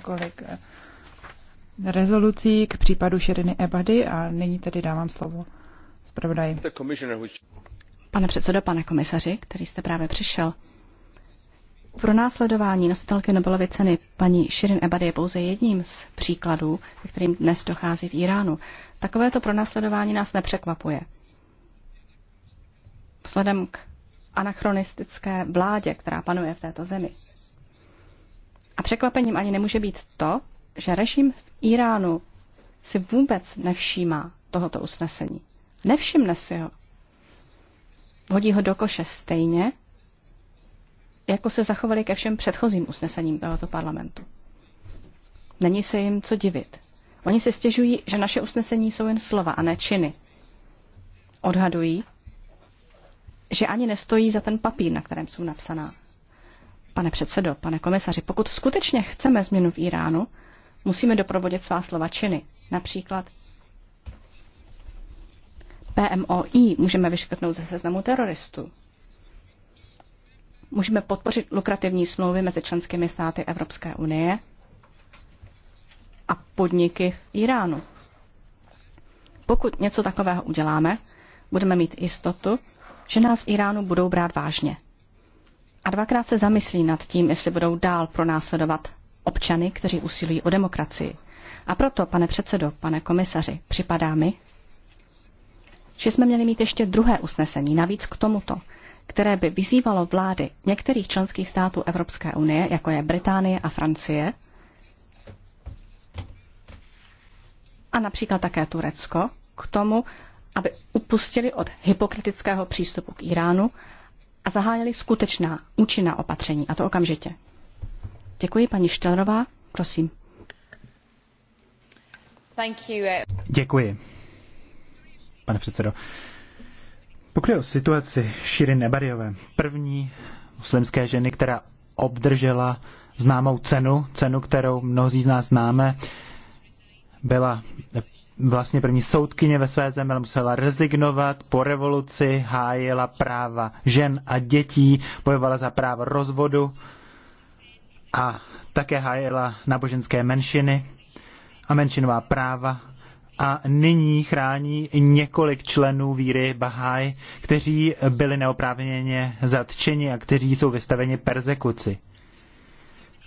několik eh, rezolucí k případu Širiny Ebady a nyní tedy dávám slovo zpravodaji. Pane předsedo, pane komisaři, který jste právě přišel, pro následování nositelky Nobelovy ceny paní Shirin Ebadi je pouze jedním z příkladů, kterým dnes dochází v Iránu. Takovéto pronásledování nás nepřekvapuje. Vzhledem k anachronistické vládě, která panuje v této zemi. A překvapením ani nemůže být to, že režim v Iránu si vůbec nevšímá tohoto usnesení. Nevšimne si ho. Hodí ho do koše stejně, jako se zachovali ke všem předchozím usnesením tohoto parlamentu. Není se jim co divit. Oni se stěžují, že naše usnesení jsou jen slova a ne činy. Odhadují, že ani nestojí za ten papír, na kterém jsou napsaná. Pane předsedo, pane komisaři, pokud skutečně chceme změnu v Iránu, musíme doprovodit svá slova činy. Například PMOI můžeme vyškrtnout ze seznamu teroristů. Můžeme podpořit lukrativní smlouvy mezi členskými státy Evropské unie a podniky v Iránu. Pokud něco takového uděláme, budeme mít jistotu, že nás v Iránu budou brát vážně a dvakrát se zamyslí nad tím, jestli budou dál pronásledovat občany, kteří usilují o demokracii. A proto, pane předsedo, pane komisaři, připadá mi, že jsme měli mít ještě druhé usnesení, navíc k tomuto, které by vyzývalo vlády některých členských států Evropské unie, jako je Británie a Francie, a například také Turecko, k tomu, aby upustili od hypokritického přístupu k Iránu a zahájili skutečná, účinná opatření, a to okamžitě. Děkuji, paní Štelrová, prosím. Eh. Děkuji, pane předsedo. Pokud je o situaci Širin Nebariové, první muslimské ženy, která obdržela známou cenu, cenu, kterou mnozí z nás známe, byla vlastně první soudkyně ve své zemi, ale musela rezignovat po revoluci, hájila práva žen a dětí, bojovala za práva rozvodu a také hájila náboženské menšiny a menšinová práva a nyní chrání několik členů víry Baháj, kteří byli neoprávněně zatčeni a kteří jsou vystaveni persekuci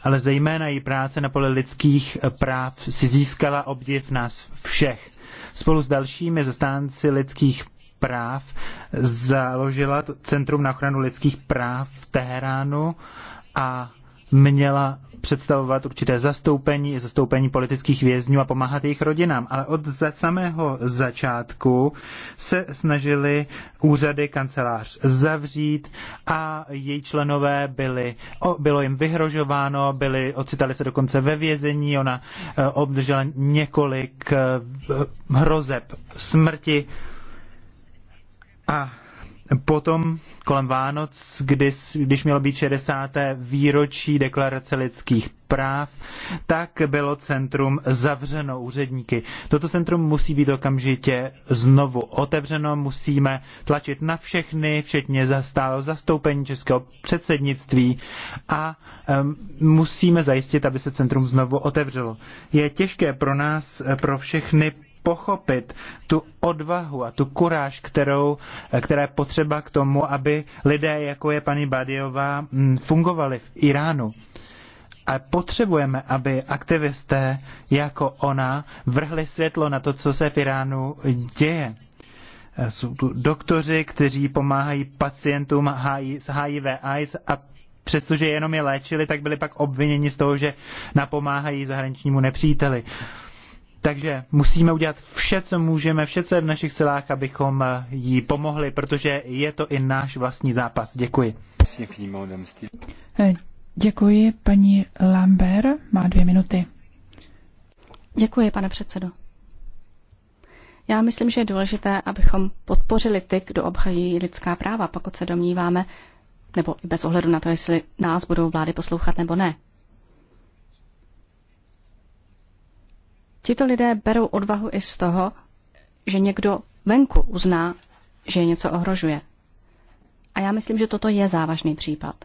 ale zejména její práce na poli lidských eh, práv si získala obdiv nás všech. Spolu s dalšími zastánci lidských práv založila Centrum na ochranu lidských práv v Teheránu a měla představovat určité zastoupení, zastoupení politických vězňů a pomáhat jejich rodinám. Ale od za samého začátku se snažili úřady kancelář zavřít a její členové byli, o, bylo jim vyhrožováno, byli, ocitali se dokonce ve vězení, ona e, obdržela několik e, hrozeb smrti a Potom kolem Vánoc, kdy, když mělo být 60. výročí deklarace lidských práv, tak bylo centrum zavřeno úředníky. Toto centrum musí být okamžitě znovu otevřeno, musíme tlačit na všechny, včetně zastálo zastoupení českého předsednictví a um, musíme zajistit, aby se centrum znovu otevřelo. Je těžké pro nás, eh, pro všechny pochopit tu odvahu a tu kuráž, kterou, která je potřeba k tomu, aby lidé, jako je paní Badiová, mm, fungovali v Iránu. A potřebujeme, aby aktivisté jako ona vrhli světlo na to, co se v Iránu děje. Jsou tu doktoři, kteří pomáhají pacientům s HIV AIDS a přestože jenom je léčili, tak byli pak obviněni z toho, že napomáhají zahraničnímu nepříteli. Takže musíme udělat vše, co můžeme, vše, co je v našich silách, abychom eh, jí pomohli, protože je to i náš vlastní zápas. Děkuji. Eh, děkuji, paní Lambert. Má dvě minuty. Děkuji, pane předsedo. Já myslím, že je důležité, abychom podpořili ty, kdo obhají lidská práva, pokud se domníváme, nebo i bez ohledu na to, jestli nás budou vlády poslouchat nebo ne. Tito lidé berou odvahu i z toho, že někdo venku uzná, že je něco ohrožuje. A já myslím, že toto je závažný případ.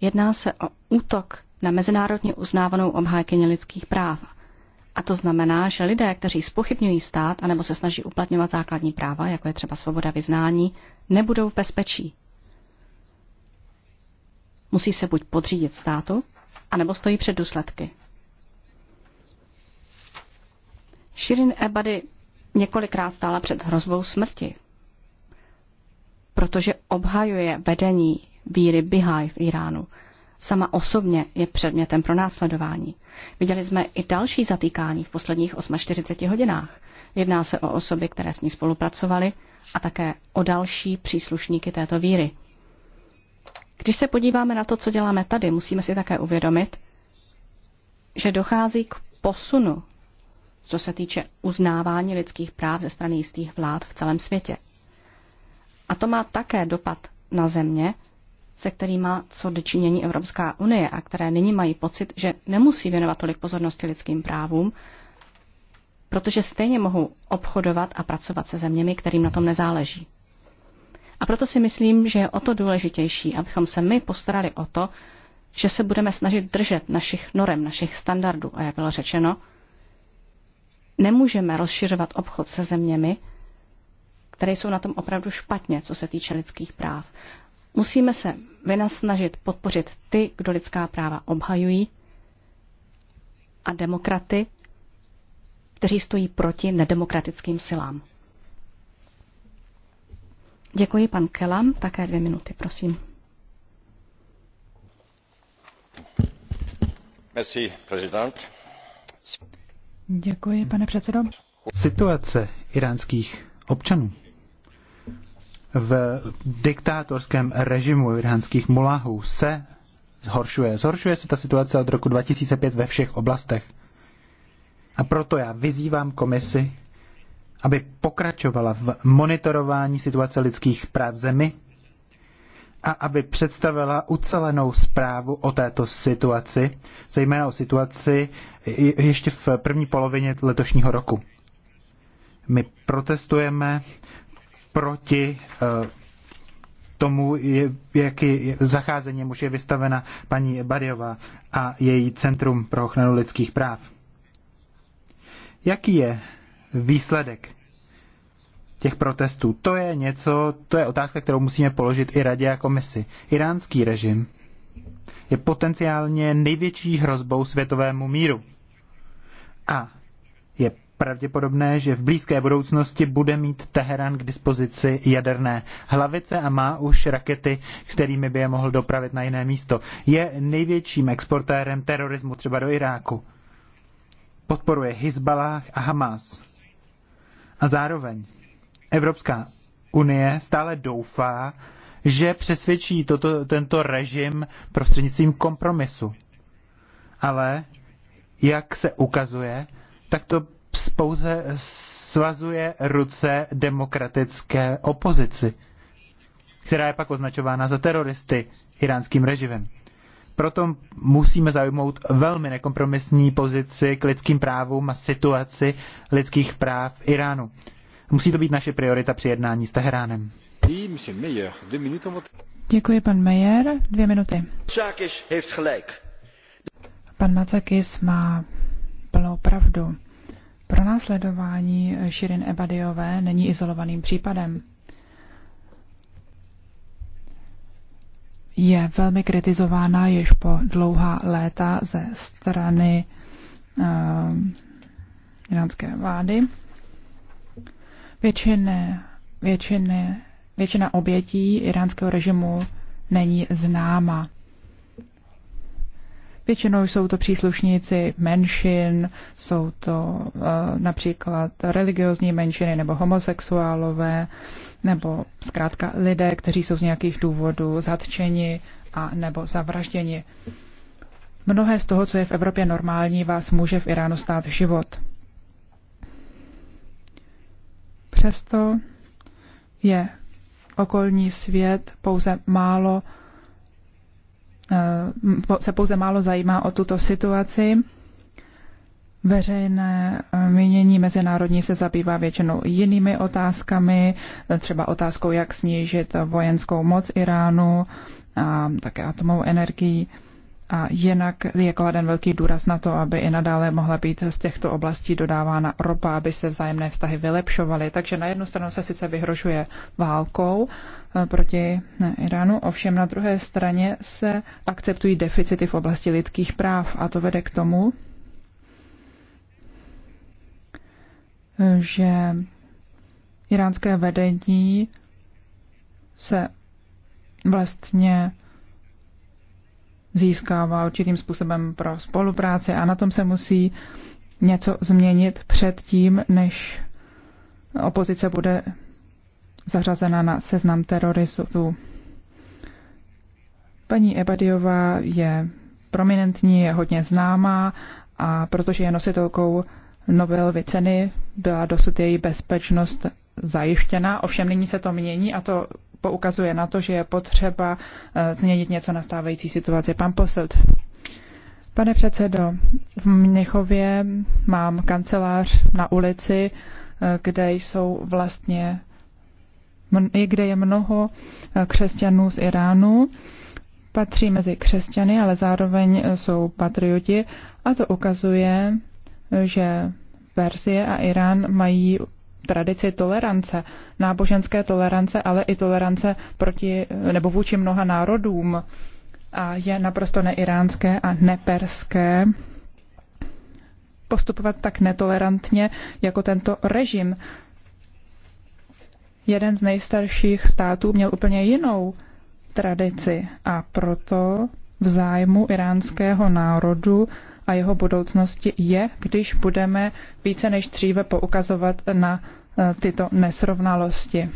Jedná se o útok na mezinárodně uznávanou obhájkyně lidských práv. A to znamená, že lidé, kteří spochybňují stát anebo se snaží uplatňovat základní práva, jako je třeba svoboda vyznání, nebudou v bezpečí. Musí se buď podřídit státu, anebo stojí před důsledky. Shirin Ebady několikrát stála před hrozbou smrti, protože obhajuje vedení víry Bihaj v Iránu. Sama osobně je předmětem pro následování. Viděli jsme i další zatýkání v posledních 48 hodinách. Jedná se o osoby, které s ní spolupracovaly a také o další příslušníky této víry. Když se podíváme na to, co děláme tady, musíme si také uvědomit, že dochází k posunu co se týče uznávání lidských práv ze strany jistých vlád v celém světě. A to má také dopad na země, se kterými má co dočinění Evropská unie a které nyní mají pocit, že nemusí věnovat tolik pozornosti lidským právům, protože stejně mohou obchodovat a pracovat se zeměmi, kterým na tom nezáleží. A proto si myslím, že je o to důležitější, abychom se my postarali o to, že se budeme snažit držet našich norem, našich standardů. A jak bylo řečeno, Nemůžeme rozšiřovat obchod se zeměmi, které jsou na tom opravdu špatně, co se týče lidských práv. Musíme se vynasnažit podpořit ty, kdo lidská práva obhajují a demokraty, kteří stojí proti nedemokratickým silám. Děkuji pan Kelam, také dvě minuty, prosím. Merci, prezident. Děkuji, pane předsedo. Situace iránských občanů v diktátorském režimu iránských mulahů se zhoršuje. Zhoršuje se ta situace od roku 2005 ve všech oblastech. A proto já vyzývám komisi, aby pokračovala v monitorování situace lidských práv zemi a aby představila ucelenou zprávu o této situaci, zejména o situaci ještě v první polovině letošního roku. My protestujeme proti eh, tomu, jaký zacházení muž je vystavena paní Bariová a její Centrum pro ochranu lidských práv. Jaký je výsledek těch protestů. To je něco, to je otázka, kterou musíme položit i radě a komisi. Iránský režim je potenciálně největší hrozbou světovému míru. A je pravděpodobné, že v blízké budoucnosti bude mít Teherán k dispozici jaderné hlavice a má už rakety, kterými by je mohl dopravit na jiné místo. Je největším exportérem terorismu třeba do Iráku. Podporuje Hezbollah a Hamas. A zároveň Evropská unie stále doufá, že přesvědčí toto, tento režim prostřednictvím kompromisu. Ale jak se ukazuje, tak to pouze svazuje ruce demokratické opozici, která je pak označována za teroristy iránským režimem. Proto musíme zaujmout velmi nekompromisní pozici k lidským právům a situaci lidských práv Iránu. Musí to být naše priorita při jednání s Teheránem. Děkuji, pan Meyer. Dvě minuty. Pan Macakis má plnou pravdu. Pro následování Širin Ebadiové není izolovaným případem. Je velmi kritizována již po dlouhá léta ze strany uh, iránské vlády Většiné, většiné, většina obětí iránského režimu není známa. Většinou jsou to příslušníci menšin, jsou to uh, například religiozní menšiny nebo homosexuálové, nebo zkrátka lidé, kteří jsou z nějakých důvodů zatčeni a nebo zavražděni. Mnohé z toho, co je v Evropě normální, vás může v Iránu stát život. Přesto je okolní svět pouze málo eh, se pouze málo zajímá o tuto situaci. Veřejné eh, mínění mezinárodní se zabývá většinou jinými otázkami, eh, třeba otázkou, jak snížit vojenskou moc Iránu a také atomovou energii. A jinak je kladen velký důraz na to, aby i nadále mohla být z těchto oblastí dodávána ropa, aby se vzájemné vztahy vylepšovaly. Takže na jednu stranu se sice vyhrožuje válkou e, proti e, Iránu, ovšem na druhé straně se akceptují deficity v oblasti lidských práv a to vede k tomu, že iránské vedení se vlastně získává určitým způsobem pro spolupráci a na tom se musí něco změnit před tím, než opozice bude zařazena na seznam teroristů. Paní Ebadiová je prominentní, je hodně známá a protože je nositelkou Nobelovy ceny, byla dosud její bezpečnost zajištěna. Ovšem nyní se to mění a to poukazuje na to, že je potřeba eh, změnit něco na stávající situaci. Pan Poselt. Pane předsedo, v Mnichově mám kancelář na ulici, eh, kde jsou vlastně kde je mnoho eh, křesťanů z Iránu. Patří mezi křesťany, ale zároveň jsou patrioti a to ukazuje, že Persie a Irán mají tradici tolerance, náboženské tolerance, ale i tolerance proti nebo vůči mnoha národům. A je naprosto neiránské a neperské postupovat tak netolerantně jako tento režim. Jeden z nejstarších států měl úplně jinou tradici a proto v zájmu iránského národu a jeho budoucnosti je, když budeme více než dříve poukazovat na e, tyto nesrovnalosti.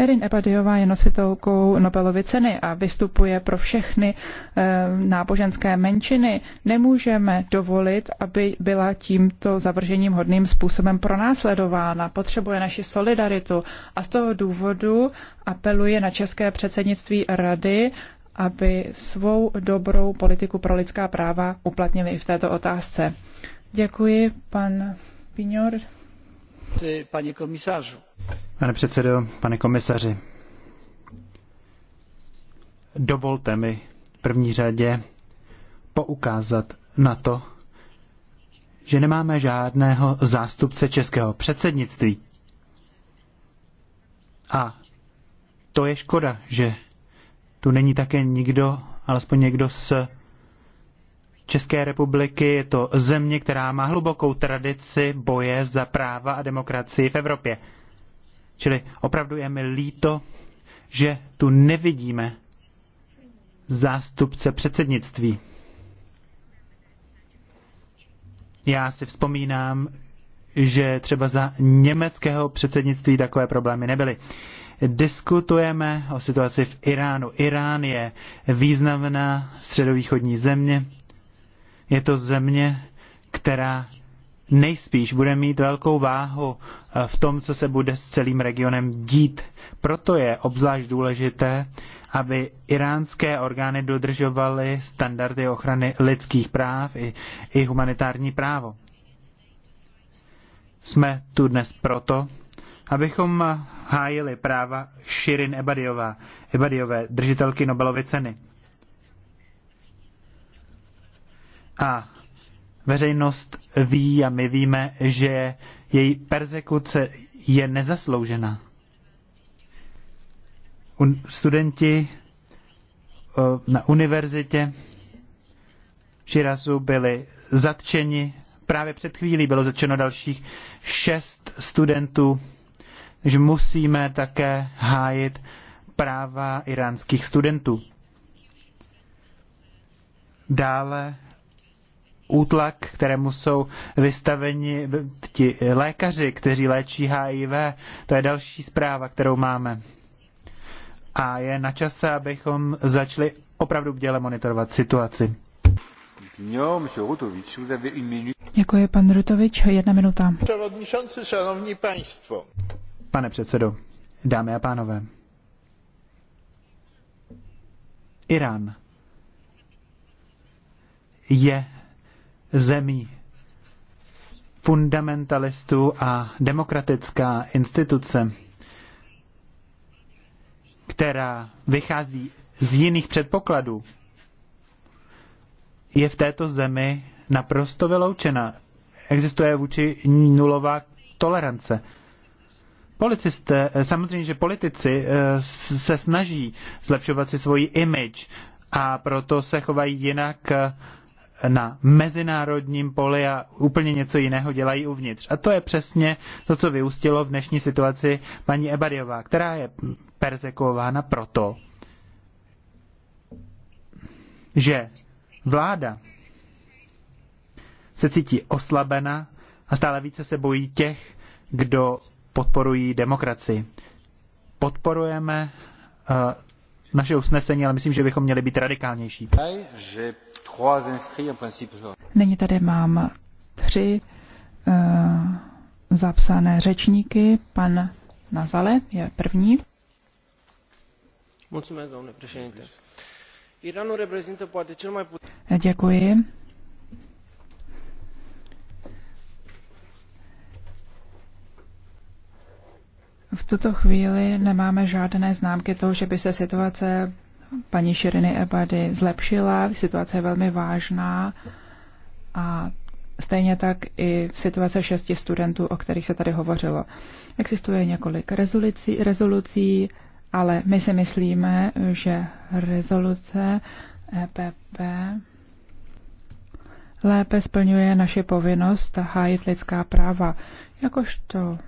Erin Ebadiová je nositelkou Nobelovy ceny a vystupuje pro všechny e, náboženské menšiny. Nemůžeme dovolit, aby byla tímto zavržením hodným způsobem pronásledována. Potřebuje naši solidaritu a z toho důvodu apeluje na české předsednictví rady, aby svou dobrou politiku pro lidská práva uplatnili i v této otázce. Děkuji, pan Pignor. Pane komisařu. Pane předsedo, pane komisaři, dovolte mi v první řadě poukázat na to, že nemáme žádného zástupce českého předsednictví. A to je škoda, že tu není také nikdo, alespoň někdo z České republiky. Je to země, která má hlubokou tradici boje za práva a demokracii v Evropě. Čili opravdu je mi líto, že tu nevidíme zástupce předsednictví. Já si vzpomínám, že třeba za německého předsednictví takové problémy nebyly diskutujeme o situaci v Iránu. Irán je významná středovýchodní země. Je to země, která nejspíš bude mít velkou váhu eh, v tom, co se bude s celým regionem dít. Proto je obzvlášť důležité, aby iránské orgány dodržovaly standardy ochrany lidských práv i, i humanitární právo. Jsme tu dnes proto, abychom hájili práva Shirin Ebadiová, Ebadiové, držitelky Nobelovy ceny. A veřejnost ví a my víme, že její persekuce je nezasloužená. Un- studenti eh, na univerzitě Širasu byli zatčeni. Právě před chvílí bylo zatčeno dalších šest studentů že musíme také hájit práva iránských studentů. Dále útlak, kterému jsou vystaveni ti lékaři, kteří léčí HIV, to je další zpráva, kterou máme. A je na čase, abychom začali opravdu bděle monitorovat situaci. Děkuji, pan Rutovič. Jedna minuta pane předsedo, dámy a pánové. Irán je zemí fundamentalistů a demokratická instituce, která vychází z jiných předpokladů, je v této zemi naprosto vyloučena. Existuje vůči ní nulová tolerance. Policisté, eh, samozřejmě, že politici eh, se snaží zlepšovat si svoji image a proto se chovají jinak eh, na mezinárodním poli a úplně něco jiného dělají uvnitř. A to je přesně to, co vyústilo v dnešní situaci paní Ebariová, která je persekována proto, že vláda se cítí oslabena a stále více se bojí těch, kdo podporují demokracii. Podporujeme eh, naše usnesení, ale myslím, že bychom měli být radikálnější. Nyní tady mám tři uh, zapsané řečníky. Pan Nazale je první. Děkuji. tuto chvíli nemáme žádné známky toho, že by se situace paní Širiny Ebady zlepšila. Situace je velmi vážná a stejně tak i v situace šesti studentů, o kterých se tady hovořilo. Existuje několik rezolucí, rezolucí ale my si myslíme, že rezoluce EPP lépe splňuje naše povinnost hájit lidská práva. Jakožto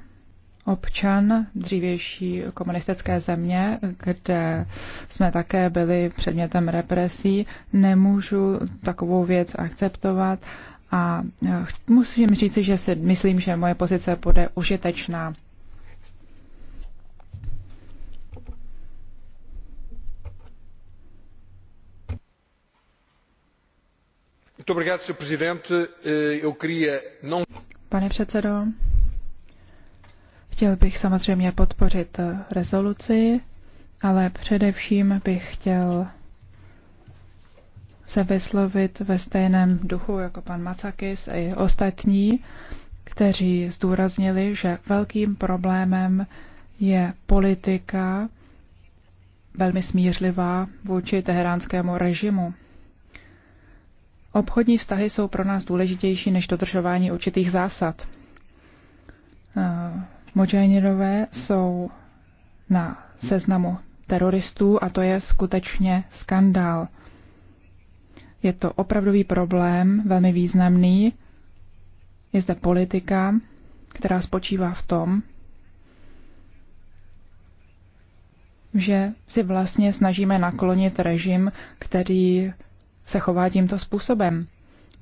občan dřívější komunistické země, kde jsme také byli předmětem represí, nemůžu takovou věc akceptovat a musím říci, že si myslím, že moje pozice bude užitečná. Eh, Pane předsedo, Chtěl bych samozřejmě podpořit eh, rezoluci, ale především bych chtěl se vyslovit ve stejném duchu jako pan Macakis a i ostatní, kteří zdůraznili, že velkým problémem je politika velmi smířlivá vůči teheránskému režimu. Obchodní vztahy jsou pro nás důležitější než dodržování určitých zásad. Mojajnirové jsou na seznamu teroristů a to je skutečně skandál. Je to opravdový problém, velmi významný. Je zde politika, která spočívá v tom, že si vlastně snažíme naklonit režim, který se chová tímto způsobem.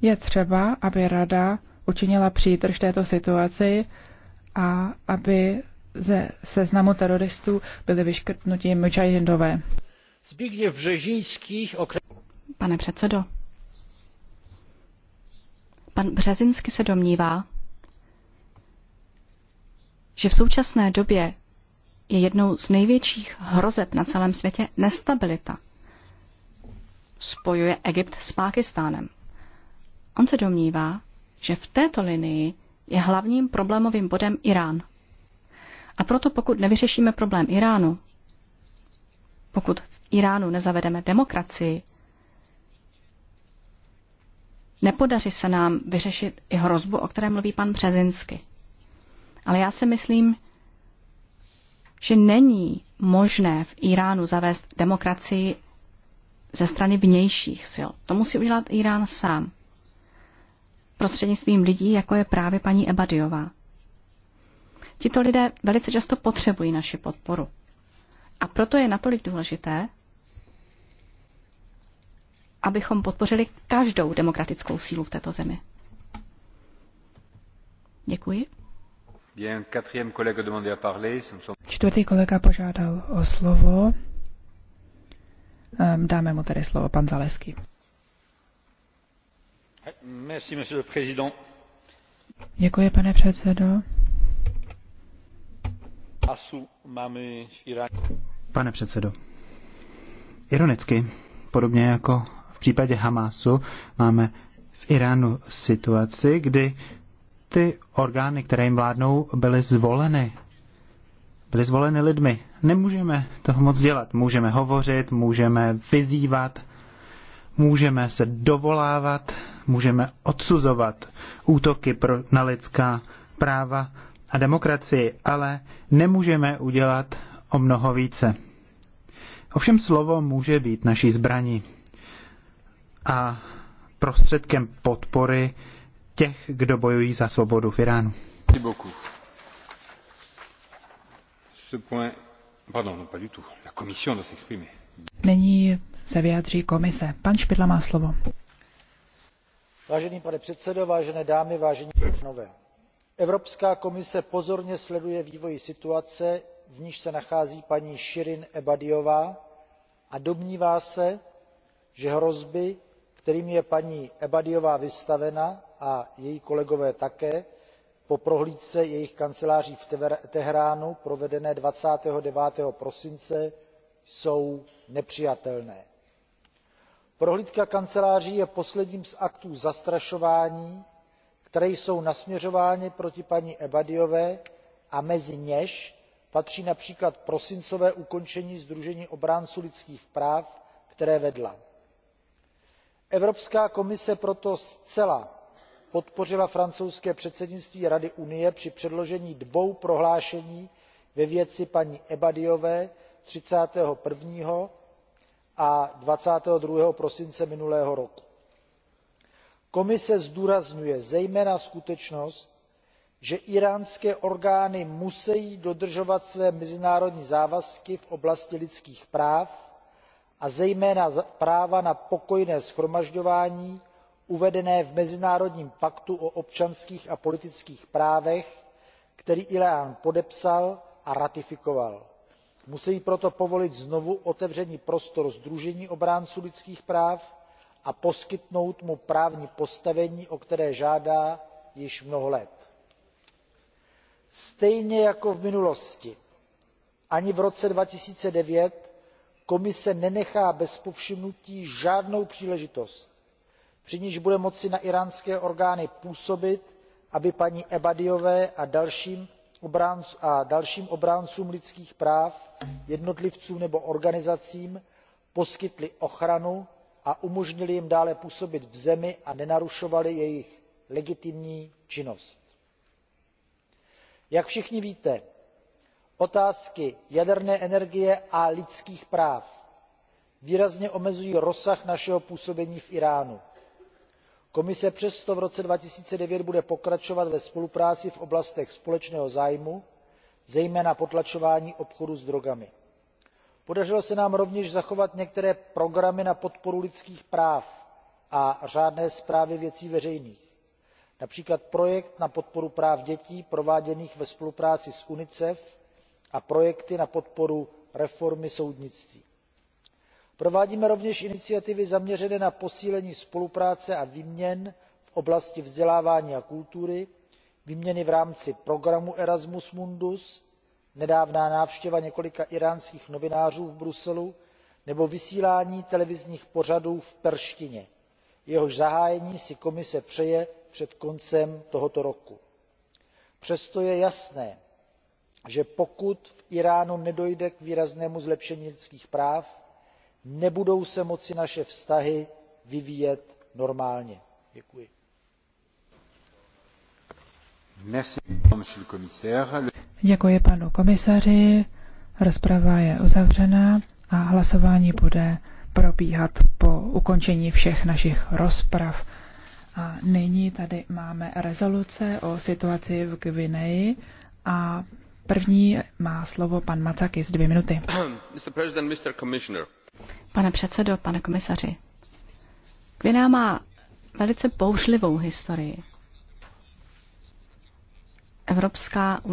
Je třeba, aby rada učinila přítrž této situaci a aby ze seznamu teroristů byly vyškrtnuti mujahidové. Zbigniew Březinský okre... Pane předsedo, pan Březinský se domnívá, že v současné době je jednou z největších hrozeb na celém světě nestabilita. Spojuje Egypt s Pákistánem. On se domnívá, že v této linii je hlavním problémovým bodem Irán. A proto pokud nevyřešíme problém Iránu, pokud v Iránu nezavedeme demokracii, nepodaří se nám vyřešit i hrozbu, o které mluví pan Březinsky. Ale já si myslím, že není možné v Iránu zavést demokracii ze strany vnějších sil. To musí udělat Irán sám prostřednictvím lidí, jako je právě paní Ebadiová. Tito lidé velice často potřebují naši podporu. A proto je natolik důležité, abychom podpořili každou demokratickou sílu v této zemi. Děkuji. Čtvrtý kolega požádal o slovo. Ehm, dáme mu tedy slovo pan Zalesky. Děkuji, pane předsedo. Pane předsedo, ironicky, podobně jako v případě Hamásu, máme v Iránu situaci, kdy ty orgány, které jim vládnou, byly zvoleny. Byly zvoleny lidmi. Nemůžeme toho moc dělat. Můžeme hovořit, můžeme vyzývat, můžeme se dovolávat můžeme odsuzovat útoky pro, na lidská práva a demokracii, ale nemůžeme udělat o mnoho více. Ovšem slovo může být naší zbraní a prostředkem podpory těch, kdo bojují za svobodu v Iránu. Nyní se vyjádří komise. Pan Špidla má slovo pane předsedo vážené dámy vážení pánové evropská komise pozorně sleduje vývoj situace v níž se nachází paní širin ebadiová a domnívá se že hrozby kterým je paní ebadiová vystavena a její kolegové také po prohlídce jejich kanceláří v teheránu provedené. twenty nine prosince jsou nepřijatelné prohlídka kanceláří je posledním z aktů zastrašování které jsou nasměřovány proti paní ebadiové a mezi něž patří například prosincové ukončení sdružení obránců lidských práv které vedla. evropská komise proto zcela podpořila francouzské předsednictví rady unie při předložení dvou prohlášení ve věci paní ebadiové thirty one a twenty two prosince minulého roku. komise zdůrazňuje zejména skutečnost že íránské orgány musejí dodržovat své mezinárodní závazky v oblasti lidských práv a zejména práva na pokojné shromažďování uvedené v mezinárodním paktu o občanských a politických právech který írán podepsal a ratifikoval musejí proto povolit znovuotevření prostor sdružení obránců lidských práv a poskytnout mu právní postavení o které žádá již mnoho let. stejně jako v minulosti ani v roce two thousand and nine komise nenechá bez povšimnutí žádnou příležitost při níž bude moci na íránské orgány působit aby paní ebadiové a dalším a dalším obráncům lidských práv jednotlivcům nebo organizacím poskytly ochranu a umožnily jim dále působit v zemi a nenarušovaly jejich legitimní činnost. jak všichni víte otázky jaderné energie a lidských práv výrazně omezují rozsah našeho působení v íránu komise přesto v roce two thousand and nine bude pokračovat ve spolupráci v oblastech společného zájmu zejména potlačování obchodu s drogami. podařilo se nám rovněž zachovat některé programy na podporu lidských práv a řádné správy věcí veřejných například projekt na podporu práv dětí prováděný ve spolupráci s unicef a projekty na podporu reformy soudnictví provádíme rovněž iniciativy zaměřené na posílení spolupráce a výměn v oblasti vzdělávání a kultury výměny v rámci programu erasmus mundus nedávná návštěva několika íránských novinářů v bruselu nebo vysílání televizních pořadů v perštině jehož zahájení si komise přeje před koncem tohoto roku. přesto je jasné že pokud v íránu nedojde k výraznému zlepšení lidských práv nebudou se moci naše vztahy vyvíjet normálně. děkuji. Děkuji panu komisaři. Rozprava je uzavřena a hlasování bude probíhat po ukončení všech našich rozprav. A nyní tady máme rezoluce o situaci v Gvineji a první má slovo pan Macakis dvě minuty. Mr. President, Mr. Commissioner. Pane předsedo, pane komisaři, Gviná má velice bouřlivou historii. Evropská